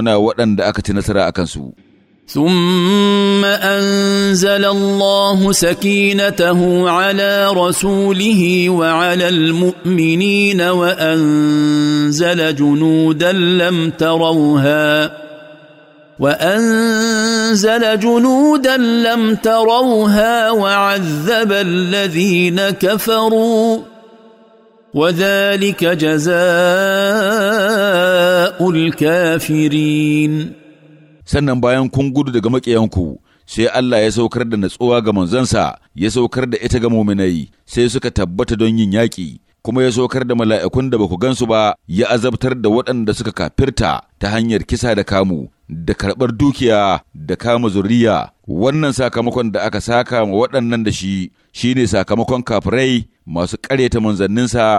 kuna waɗanda aka ci nasara a kansu. ثم انزل الله سكينته على رسوله وعلى المؤمنين وانزل جنودا لم تروها وانزل جنودا لم تروها وعذب الذين كفروا وذلك جزاء الكافرين sannan bayan kun gudu daga maƙiyanku sai Allah ya saukar da natsuwa ga manzansa ya saukar da ita ga muminai sai suka tabbata don yin yaƙi kuma ya saukar da mala'ikun da ba ku gansu ba ya azabtar da waɗanda suka kafirta ta hanyar kisa da kamu da karɓar dukiya da kama zuriya wannan sakamakon da aka saka wa waɗannan da shi shine sakamakon kafirai masu ƙareta manzanninsa